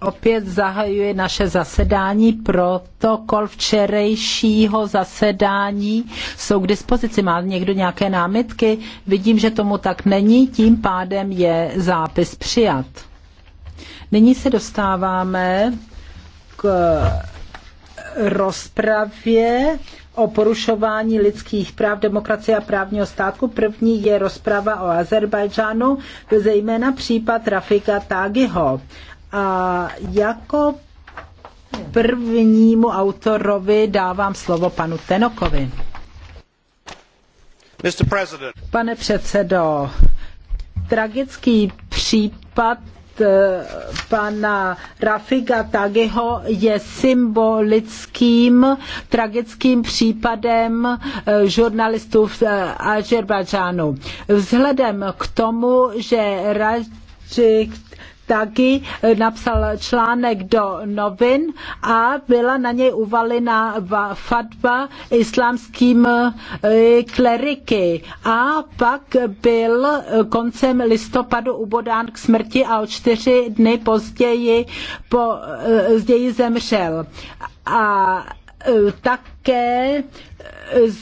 Opět zahajuje naše zasedání, protokol včerejšího zasedání jsou k dispozici. Má někdo nějaké námitky? Vidím, že tomu tak není, tím pádem je zápis přijat. Nyní se dostáváme k rozpravě o porušování lidských práv, demokracie a právního státu. První je rozprava o Azerbajdžánu, zejména případ Rafika Tágiho. A jako prvnímu autorovi dávám slovo panu Tenokovi. Pane předsedo, tragický případ pana Rafiga Tagiho je symbolickým, tragickým případem eh, žurnalistů v eh, Azerbajdžánu. Vzhledem k tomu, že Razik taky eh, napsal článek do novin a byla na něj uvalena fatva islámským eh, kleriky. A pak byl eh, koncem listopadu ubodán k smrti a o čtyři dny později, později zemřel. A tak také e,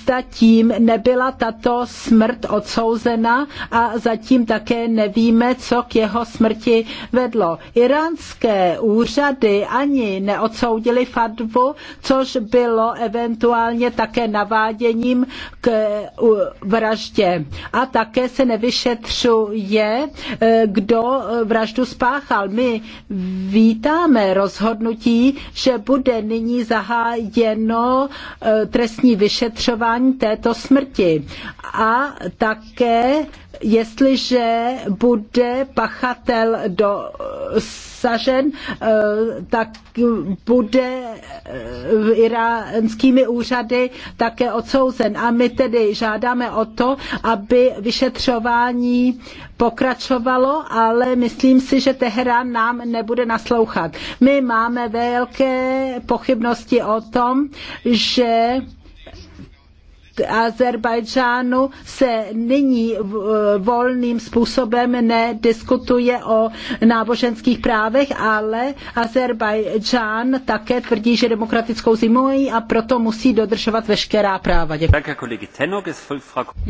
zatím nebyla tato smrt odsouzena a zatím také nevíme, co k jeho smrti vedlo. Iránské úřady ani neodsoudili fatvu, což bylo eventuálně také naváděním k e, vraždě. A také se nevyšetřuje, e, kdo vraždu spáchal. My vítáme rozhodnutí, že bude nyní zahájeno Eh, trestní vyšetřování této smrti. A také jestliže bude pachatel dosažen, eh, tak bude eh, iránskými úřady také odsouzen. A my tedy žádáme o to, aby vyšetřování pokračovalo, ale myslím si, že Teherán nám nebude naslouchat. My máme velké pochybnosti o tom, že Azerbajdžánu se nyní eh, volným způsobem nediskutuje o náboženských právech, ale Azerbajdžán také tvrdí, že demokratickou zimují a proto musí dodržovat veškerá práva. Děkuji.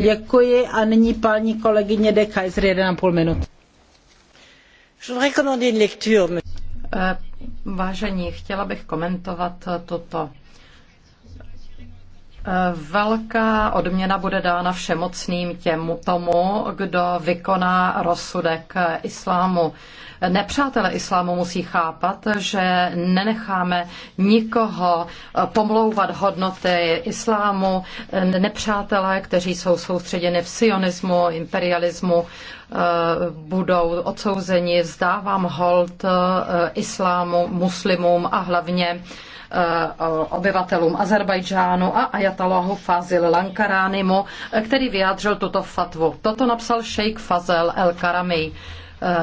Děkuji a nyní paní kolegyně De Kaiser 1,5 minut. Eh, vážení, chtěla bych komentovat eh, toto Velká odměna bude dána všemocným těmu tomu, kdo vykoná rozsudek islámu. Nepřátelé islámu musí chápat, že nenecháme nikoho pomlouvat hodnoty islámu. Nepřátelé, kteří jsou soustředěni v sionismu, imperialismu, eh, budou odsouzeni. Vzdávám hold eh, islámu, muslimům a hlavně Eh, obyvatelům Azerbajdžánu a ajatalahu Fazil Lankaránimu, eh, který vyjádřil tuto fatvu. Toto napsal šejk Fazel El Karami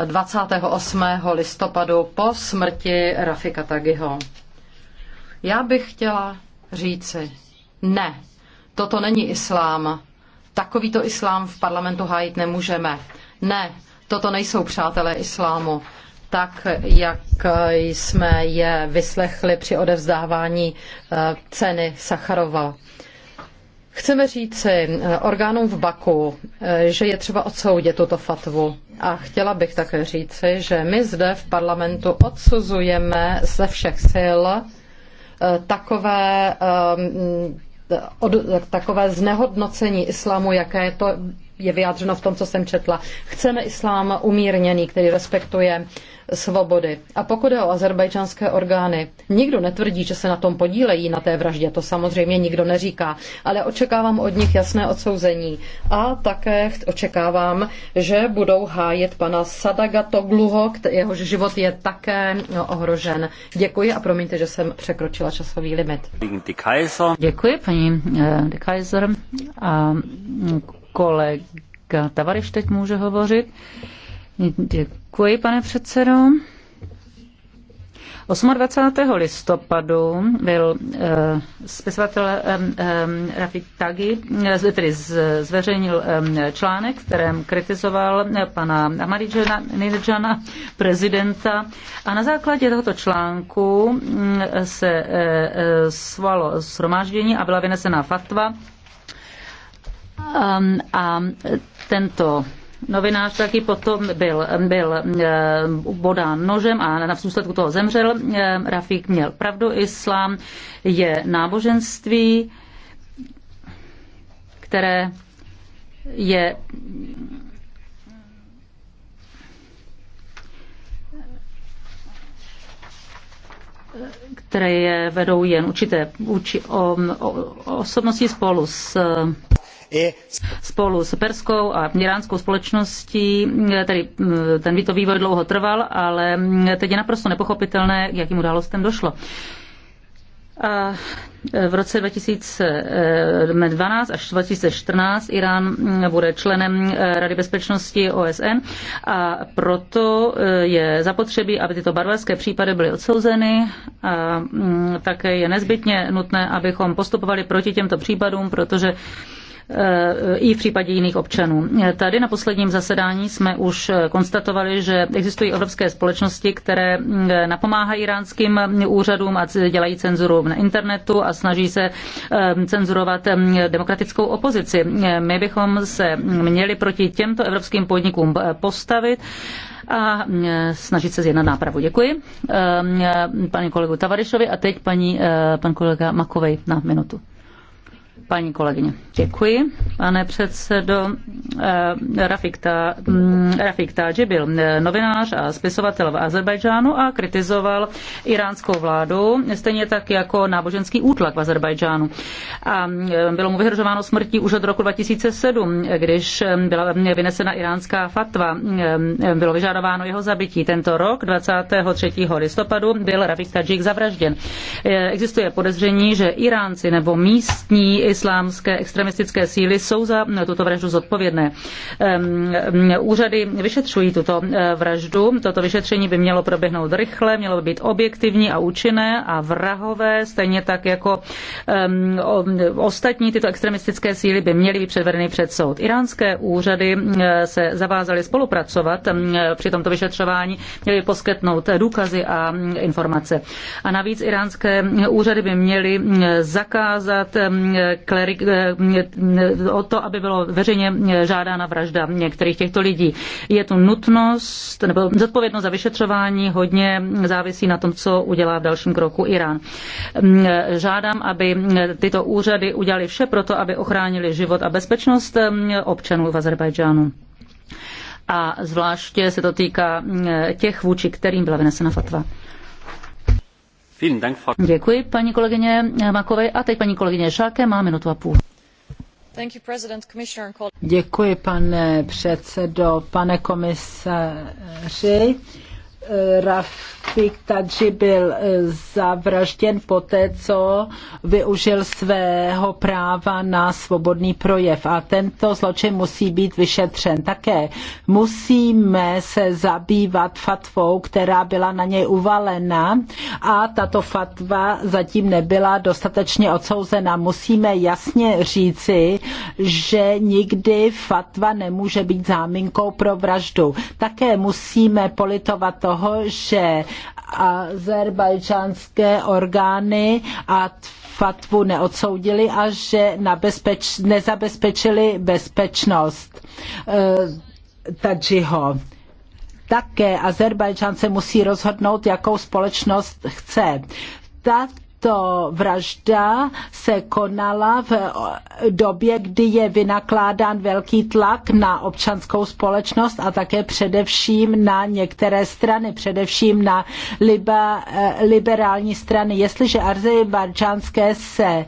28. Eh, listopadu po smrti Rafika Tagiho. Já bych chtěla říci, ne, toto není islám. Takovýto islám v parlamentu hájit nemůžeme. Ne, toto nejsou přátelé islámu tak, jak jsme je vyslechli při odevzdávání eh, ceny Sacharova. Chceme říci eh, orgánům v Baku, eh, že je třeba odsoudit tuto fatvu. A chtěla bych také říci, že my zde v parlamentu odsuzujeme ze všech sil takové, od, takové znehodnocení islámu, jaké je to je vyjádřeno v tom, co jsem četla. Chceme islám umírněný, který respektuje svobody. A pokud je o azerbajdžanské orgány, nikdo netvrdí, že se na tom podílejí na té vraždě, to samozřejmě nikdo neříká, ale očekávám od nich jasné odsouzení. A také očekávám, že budou hájit pana Sadagatogluho, jehož život je také no, ohrožen. Děkuji a promiňte, že jsem překročila časový limit. Děkuji, paní eh, de Kaiser. A mm, kolega Tavariš teď může hovořit. Děkuji, pane předsedo. 28. listopadu byl eh, spisovatel eh, eh Rafik Tagi, eh, tedy zveřejnil eh, článek, v kterém kritizoval eh, pana Ahmadinejada, prezidenta. A na základě tohoto článku mm, se eh, svalo shromáždění a byla vynesena fatva. Um, a tento novinář taky potom byl, byl eh, bodán nožem a na vzůsledku toho zemřel. Eh, Rafik měl pravdu, islám je náboženství, které je které je vedou jen určité uči, o, o, osobnosti spolu s Spolu s perskou a iránskou společností, tedy eh, ten vítový vývoj dlouho trval, ale mm, teď je naprosto nepochopitelné, k jakým událostem došlo. A eh, v roce 2012 až 2014 Irán mm, bude členem eh, Rady bezpečnosti OSN a proto je zapotřebí, aby tyto barbarské případy byly odsouzeny. A mm, také je nezbytně nutné, abychom postupovali proti těmto případům, protože i v případě jiných občanů. Tady na posledním zasedání jsme už konstatovali, že existují evropské společnosti, které napomáhají iránským úřadům a dělají cenzuru na internetu a snaží se eh, cenzurovat eh, demokratickou opozici. My bychom se měli proti těmto evropským podnikům eh, postavit a snažit se zjednat nápravu. Děkuji paní kolegu Tavarišovi a teď paní, pan kolega Makovej na minutu. Paní kolegyně, děkuji. Pane předsedo, eh, Rafik, Ta, mm, Rafik byl eh, novinář a spisovatel v Azerbajdžánu a kritizoval iránskou vládu, stejně tak jako náboženský útlak v Azerbajdžánu. A eh, bylo mu vyhrožováno smrtí už od roku 2007, když byla vynesena iránská fatva. Bylo vyžadováno jeho zabití. Tento rok, 23. listopadu, byl Rafik Tajik zavražděn. Existuje podezření, že Iránci nebo místní islámské extremistické síly jsou za tuto vraždu zodpovědné. Úřady vyšetřují tuto eh, vraždu. Toto vyšetření by mělo proběhnout rychle, mělo by být objektivní a účinné a vrahové, stejně tak jako ostatní tyto extremistické síly by měly být předvedeny před soud. Iránské úřady eh, se zavázaly spolupracovat při tomto vyšetřování, měly poskytnout důkazy a mm, informace. A navíc iránské úřady by měly mm, zakázat klerik, eh, o to, aby bylo veřejně žádána vražda některých těchto lidí. Je tu nutnost, nebo zodpovědnost za vyšetřování hodně závisí na tom, co udělá v dalším kroku Irán. Mm, žádám, aby tyto úřady udělali vše pro to, aby ochránili život a bezpečnost mm, občanů v Azerbajdžánu. A zvláště se to týká mm, těch, vůči kterým byla vynesena fatva. Děkuji paní kolegyně Makové a teď paní kolegyně Šáke má minutu a půl. Děkuji, pane předsedo, pane komisaři. Rafik Tadži byl eh, zavražděn poté, co využil svého práva na svobodný projev a tento zločin musí být vyšetřen. Také musíme se zabývat fatvou, která byla na něj uvalena a tato fatva zatím nebyla dostatečně odsouzena. Musíme jasně říci, že nikdy fatva nemůže být záminkou pro vraždu. Také musíme politovat toho, toho, že azerbajčanské orgány a fatvu neodsoudili a že nabezpeč, nezabezpečili bezpečnost uh, Tadžiho. Také Azerbajdžán se musí rozhodnout, jakou společnost chce. Tak tato vražda se konala v době, kdy je vynakládán velký tlak na občanskou společnost a také především na některé strany, především na eh, liberální strany. Jestliže azerbajdžánské se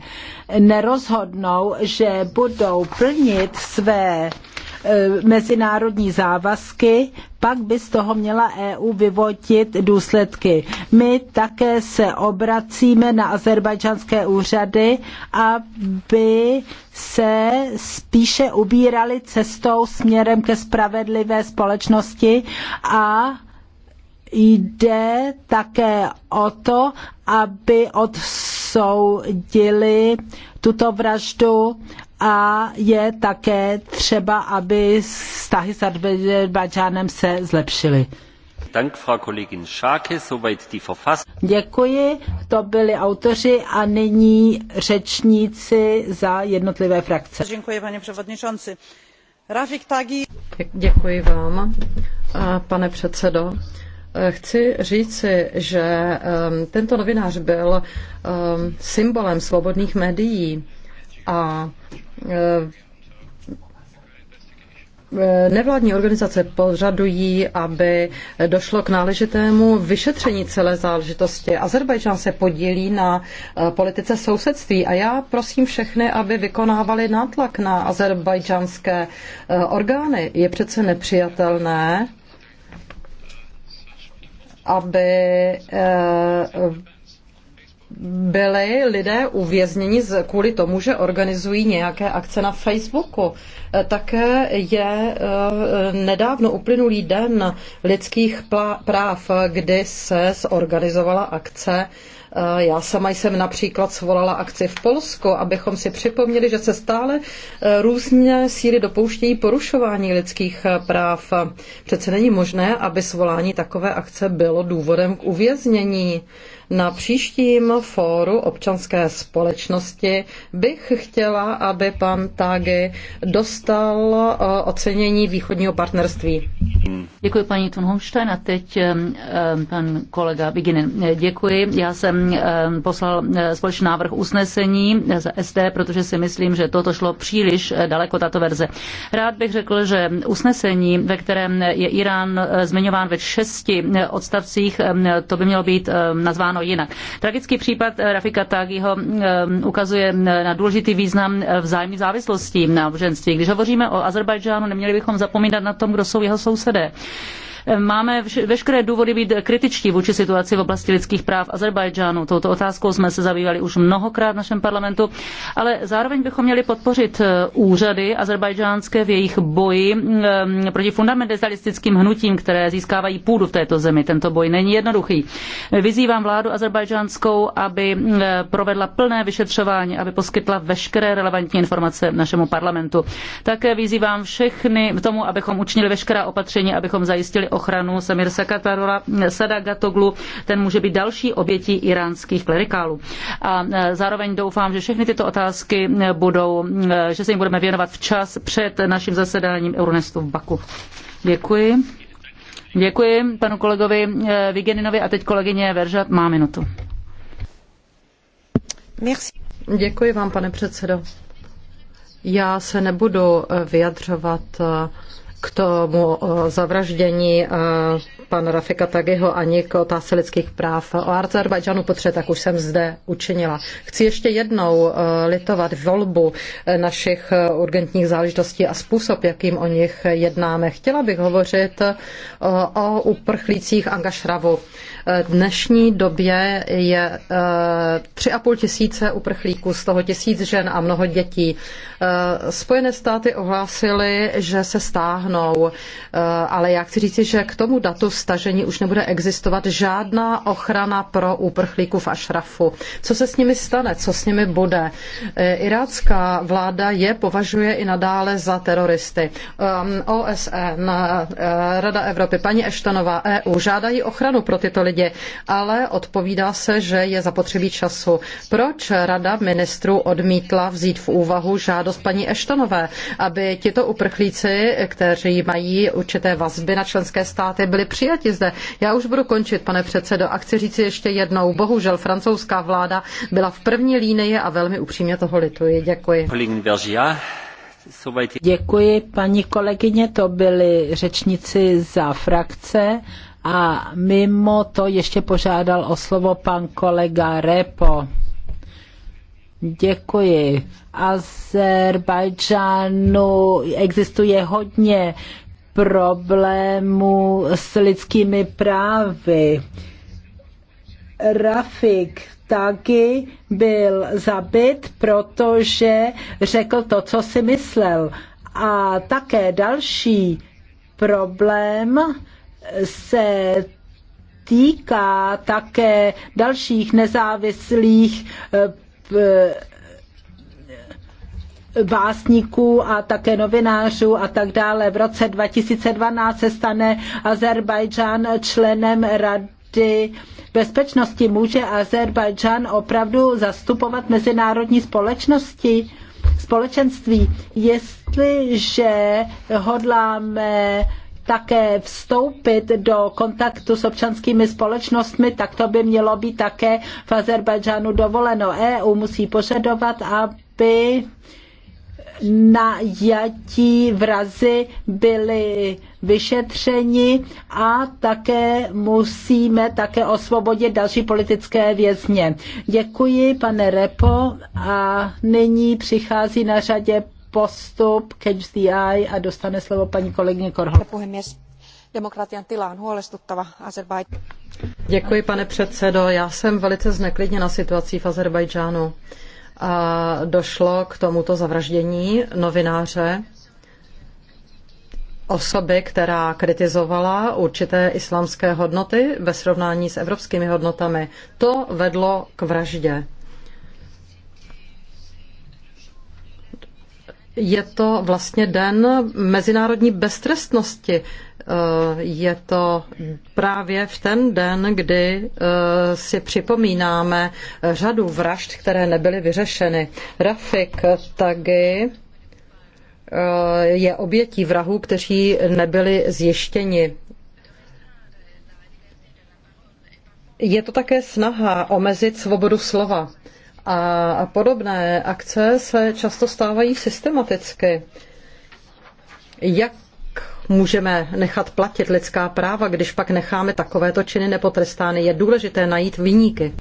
nerozhodnou, že budou plnit své Eh, mezinárodní závazky, pak by z toho měla EU vyvodit důsledky. My také se obracíme na azerbajdžanské úřady, aby se spíše ubírali cestou směrem ke spravedlivé společnosti a jde také o to, aby odsoudili tuto vraždu a je také třeba, aby vztahy s Azerbajdžánem se zlepšily. Děkuji, to byli autoři a nyní řečníci za jednotlivé frakce. Děkuji, pane předsedající. Rafik Tagi. Děkuji vám, pane předsedo. Chci říci, že um, tento novinář byl um, symbolem svobodných médií a e, Nevládní organizace požadují, aby došlo k náležitému vyšetření celé záležitosti. Azerbajdžán se podílí na e, politice sousedství a já prosím všechny, aby vykonávali nátlak na azerbajdžánské e, orgány. Je přece nepřijatelné, aby byli lidé uvězněni kvůli tomu, že organizují nějaké akce na Facebooku. E, také je e, nedávno uplynulý den lidských práv, kdy se zorganizovala akce Eh, já sama jsem například svolala akci v Polsku, abychom si připomněli, že se stále eh, různě síly dopouštějí porušování lidských eh, práv. Přece není možné, aby svolání takové akce bylo důvodem k uvěznění. Na příštím fóru občanské společnosti bych chtěla, aby pan Tagy dostal ocenění východního partnerství. Děkuji paní Thunholmstein a teď pan kolega Biginen. Děkuji, já jsem Eh, poslal eh, společný návrh usnesení z SD, protože si myslím, že toto šlo příliš eh, daleko, tato verze. Rád bych řekl, že usnesení, ve kterém je Irán zmiňován ve šesti odstavcích, to by mělo být nazváno jinak. Tragický případ Rafika Tagiho ukazuje na důležitý význam závislosti na náboženství. Když hovoříme o Azerbajdžánu, neměli bychom zapomínat na tom, kdo jsou jeho sousedé. Máme veškeré důvody být kritičtí vůči situaci v oblasti lidských práv v Azerbajdžánu. Touto otázkou jsme se zabývali už mnohokrát v našem parlamentu, ale zároveň bychom měli podpořit eh, úřady azerbajdžánské v jejich boji eh, proti fundamentalistickým hnutím, které získávají půdu v této zemi. Tento boj není jednoduchý. Vyzývám vládu azerbajdžánskou, aby eh, provedla plné vyšetřování, aby poskytla veškeré relevantní informace našemu parlamentu. Také vyzývám všechny k tomu, abychom učinili veškerá opatření, abychom zajistili ochranu Samir Katarova, Sadagatoglu, ten může být další obětí iránských klerikálů. A e, zároveň doufám, že všechny tyto otázky budou, e, že se jim budeme věnovat včas před naším zasedáním Euronestu v Baku. Děkuji. Děkuji panu kolegovi e, Vigeninovi a teď kolegyně Verža má minutu. Merci. Děkuji vám, pane předsedo. Já se nebudu vyjadřovat k tomu eh, zavraždění eh, pana Rafika Tagiho ani k otázce lidských práv. O Azerbajdžánu potře, tak už jsem zde učinila. Chci ještě jednou eh, litovat volbu našich urgentních záležitostí a způsob, jakým o nich jednáme. Chtěla bych hovořit o uprchlících Angašravu. Dnešní době je tři a půl tisíce uprchlíků, z toho tisíc žen a mnoho dětí. Spojené státy ohlásily, že se stáhnou stáhnou, eh, ale já chci říci, že k tomu datu stažení už nebude existovat žádná ochrana pro úprchlíků v Ašrafu. Co se s nimi stane, co s nimi bude? Eh, irácká vláda je považuje i nadále za teroristy. Ehm, OSN, eh, Rada Evropy, paní Eštanová, EU žádají ochranu pro tyto lidi, ale odpovídá se, že je zapotřebí času. Proč Rada ministrů odmítla vzít v úvahu žádost paní Eštanové, aby tito uprchlíci, kteří kteří mají určité vazby na členské státy, byli přijati zde. Já už budu končit, pane předsedo, a chci říci ještě jednou, bohužel francouzská vláda byla v první línii a velmi upřímně toho lituji. Děkuji. Děkuji, paní kolegyně, to byli řečníci za frakce a mimo to ještě požádal o slovo pan kolega Repo. Děkuji. Azerbajdžánu existuje hodně problémů s lidskými právy. Rafik taky byl zabit, protože řekl to, co si myslel. A také další problém se týká také dalších nezávislých eh, Eh, básníků a také novinářů a tak dále. V roce 2012 se stane Azerbajdžán členem Rady bezpečnosti. Může Azerbajdžán opravdu zastupovat mezinárodní společnosti? společenství, jestliže hodláme také vstoupit do kontaktu s občanskými společnostmi, tak to by mělo být také v Azerbajdžánu dovoleno. EU musí požadovat, aby najatí vrazy byly vyšetřeni a také musíme také osvobodit další politické vězně. Děkuji, pane Repo, a nyní přichází na řadě postup Catch the Eye a dostane slovo paní kolegyně Korhol. Demokratian tila on huolestuttava Azerbaidžan. Děkuji, pane předsedo. Já jsem velice zneklidněna situací v Azerbajdžánu. A došlo k tomuto zavraždění novináře, osoby, která kritizovala určité islámské hodnoty ve srovnání s evropskými hodnotami. To vedlo k vraždě. Je to vlastně den mezinárodní beztrestnosti. Eh, je to právě v ten den, kdy eh, si připomínáme řadu vražd, které nebyly vyřešeny. Rafik Tagy eh, je obětí vrahů, kteří nebyli zjištěni. Je to také snaha omezit svobodu slova. A podobné akce se často stávají systematicky. Jak můžeme nechat platit lidská práva, když pak necháme takovéto činy nepotrestány? Je důležité najít výniky.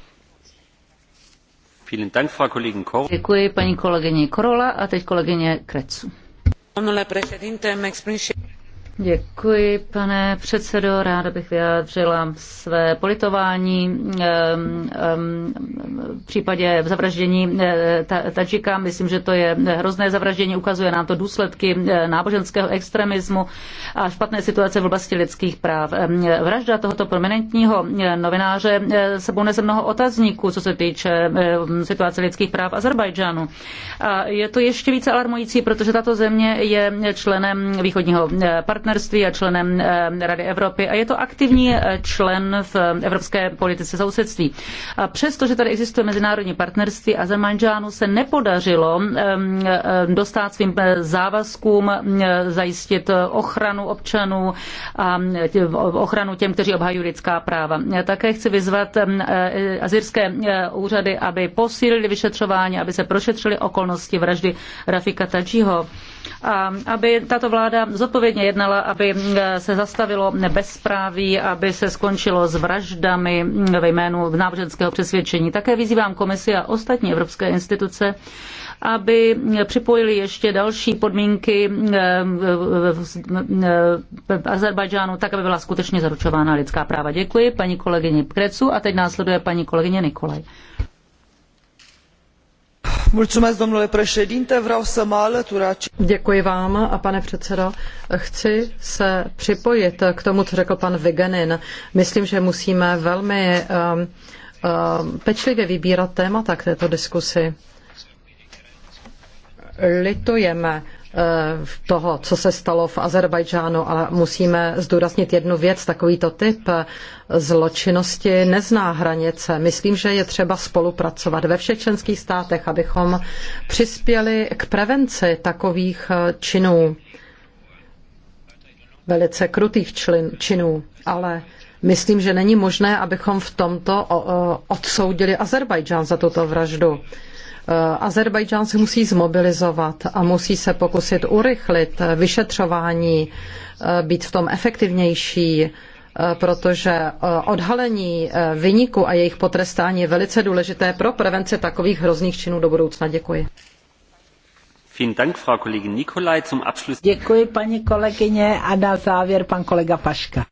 Děkuji paní kolegyně Korola a teď kolegyně Krecu. Pane președinte, Děkuji, pane předsedo. Ráda bych vyjádřila své politování v případě zavraždění eh, Tadžika. Myslím, že to je hrozné zavraždění, ukazuje nám to důsledky eh, náboženského extremismu a špatné situace v oblasti lidských práv. Vražda tohoto prominentního eh, novináře sebou nese mnoho otazníků, co se týče situace lidských práv Azerbajdžánu. A je to ještě více alarmující, protože tato země je členem východního partnerství partnerství a členem eh, Rady Evropy a je to aktivní eh, člen v eh, evropské politice sousedství. A přestože tady existuje mezinárodní partnerství, Azerbajdžánu se nepodařilo dostat svým závazkům zajistit ochranu občanů a ochranu těm, kteří obhajují lidská práva. Já také chci vyzvat azirské úřady, aby posílili vyšetřování, aby se prošetřily okolnosti vraždy Rafika Tadžiho a aby tato vláda zodpovědně jednala, aby eh, se zastavilo bezpráví, aby se skončilo s vraždami eh, ve jménu náboženského přesvědčení. Také vyzývám komisi a ostatní evropské instituce, aby eh, připojili ještě další podmínky v Azerbajdžánu, tak aby byla skutečně zaručována lidská práva. Děkuji paní kolegyni Krecu a teď následuje paní kolegyně Nikolaj. Děkuji vám, pane předsedo. Chci se připojit k tomu, co řekl pan Vigenin. Myslím, že musíme velmi um, um, pečlivě vybírat témata k této diskusi. Litujeme Eh, toho, co se stalo v Azerbajdžánu, ale musíme zdůraznit jednu věc. Takovýto typ eh, zločinnosti nezná hranice. Myslím, že je třeba spolupracovat ve všech členských státech, abychom přispěli k prevenci takových eh, činů, velice krutých člin, činů, ale myslím, že není možné, abychom v tomto odsoudili Azerbajdžán za tuto vraždu. Eh, Azerbajdžán se musí zmobilizovat a musí se pokusit urychlit eh, vyšetřování, eh, být v tom efektivnější, protože odhalení vyniku a jejich potrestání je velice důležité pro prevenci takových hrozných činů do budoucna. Děkuji. Děkuji paní kolegyně a na závěr pan kolega Paška.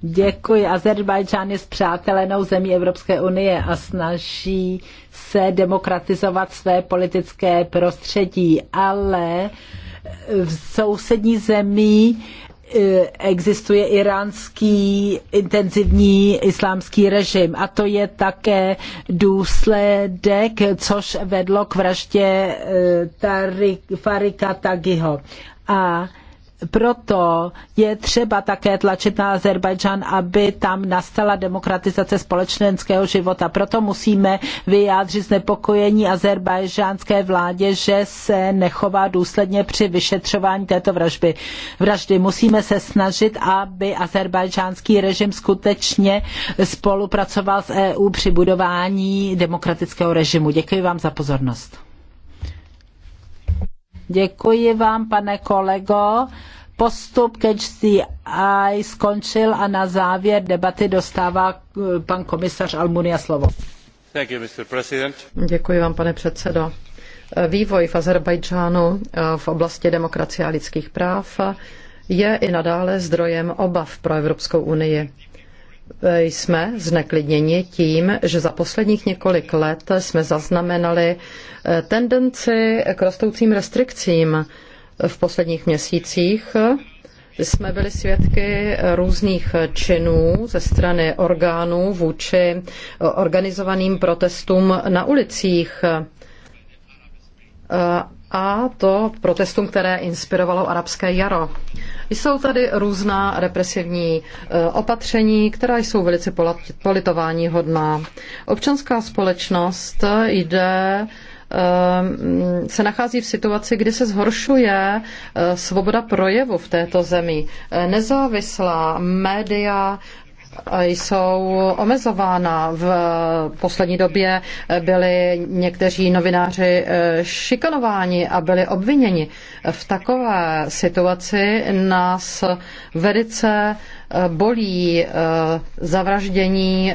Děkuji. Azerbajdžán je zpřátelenou zemí Evropské unie a snaží se demokratizovat své politické prostředí, ale v sousední zemí e, existuje iránský intenzivní islámský režim a to je také důsledek, což vedlo k vraždě e, Farika Tagiho. A proto je třeba také tlačit na Azerbajdžan, aby tam nastala demokratizace společenského života. Proto musíme vyjádřit znepokojení azerbajdžánské vládě, že se nechová důsledně při vyšetřování této vraždy. vraždy. Musíme se snažit, aby azerbajdžánský režim skutečně spolupracoval s EU při budování demokratického režimu. Děkuji vám za pozornost. Děkuji vám, pane kolego. Postup ke the skončil a na závěr debaty dostává eh, pan komisař Almunia slovo. You, Děkuji vám, pane předsedo. Eh, vývoj v Azerbajdžánu eh, v oblasti demokracie a lidských práv je i nadále zdrojem obav pro Evropskou unii jsme zneklidněni tím, že za posledních několik let jsme zaznamenali eh, tendenci k rostoucím restrikcím. V posledních měsících jsme byli svědky různých činů ze strany orgánů vůči organizovaným protestům na ulicích. Eh, a to protestům, které inspirovalo arabské jaro. Jsou tady různá represivní eh, opatření, která jsou velice politování hodná. Občanská společnost eh, jde eh, se nachází v situaci, kdy se zhoršuje svoboda projevu v této zemi. Nezávislá média jsou omezována. V poslední době byli někteří novináři eh, šikanováni a byli obviněni. V takové situaci nás velice eh, bolí eh, zavraždění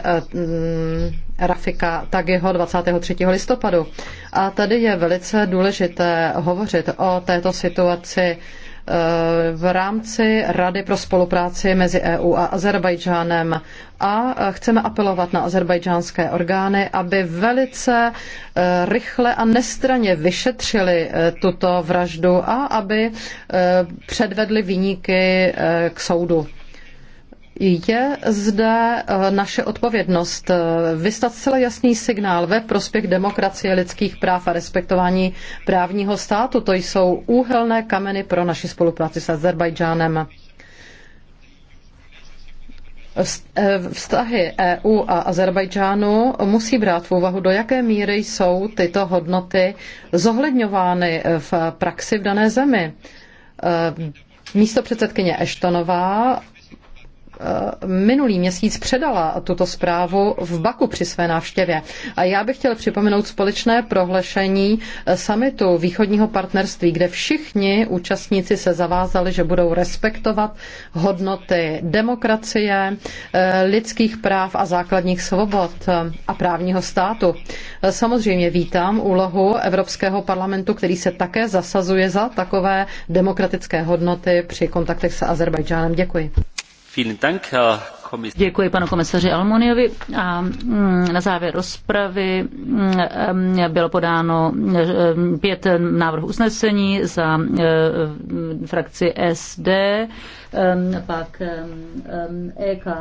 Rafika Tagiho 23. listopadu. A tady je velice důležité hovořit o této situaci Eh, v rámci Rady pro spolupráci mezi EU a Azerbajdžánem a eh, chceme apelovat na azerbajdžánské orgány, aby velice eh, rychle a nestraně vyšetřili tuto vraždu a aby předvedli výniky k soudu. Je zde eh, naše odpovědnost eh, vystat zcela jasný signál ve prospěch demokracie, lidských práv a respektování právního státu. To jsou úhelné kameny pro naši spolupráci s Azerbajdžánem. Eh, vztahy EU a Azerbajdžánu musí brát v úvahu, do jaké míry jsou tyto hodnoty zohledňovány v praxi v dané zemi. Místo předsedkyně Eštonová Eh, minulý měsíc předala tuto zprávu v Baku při své návštěvě. A já bych chtěl připomenout společné prohlášení eh, samitu východního partnerství, kde všichni účastníci se zavázali, že budou respektovat hodnoty demokracie, eh, lidských práv a základních svobod a právního státu. Samozřejmě vítám úlohu Evropského parlamentu, který se také zasazuje za takové demokratické hodnoty při kontaktech s Azerbajdžánem. Děkuji. Děkuji panu komisaři Almoniovi a mm, na závěr rozpravy mm, mm, bylo podáno pět návrhů usnesení za frakci SD, pak EK.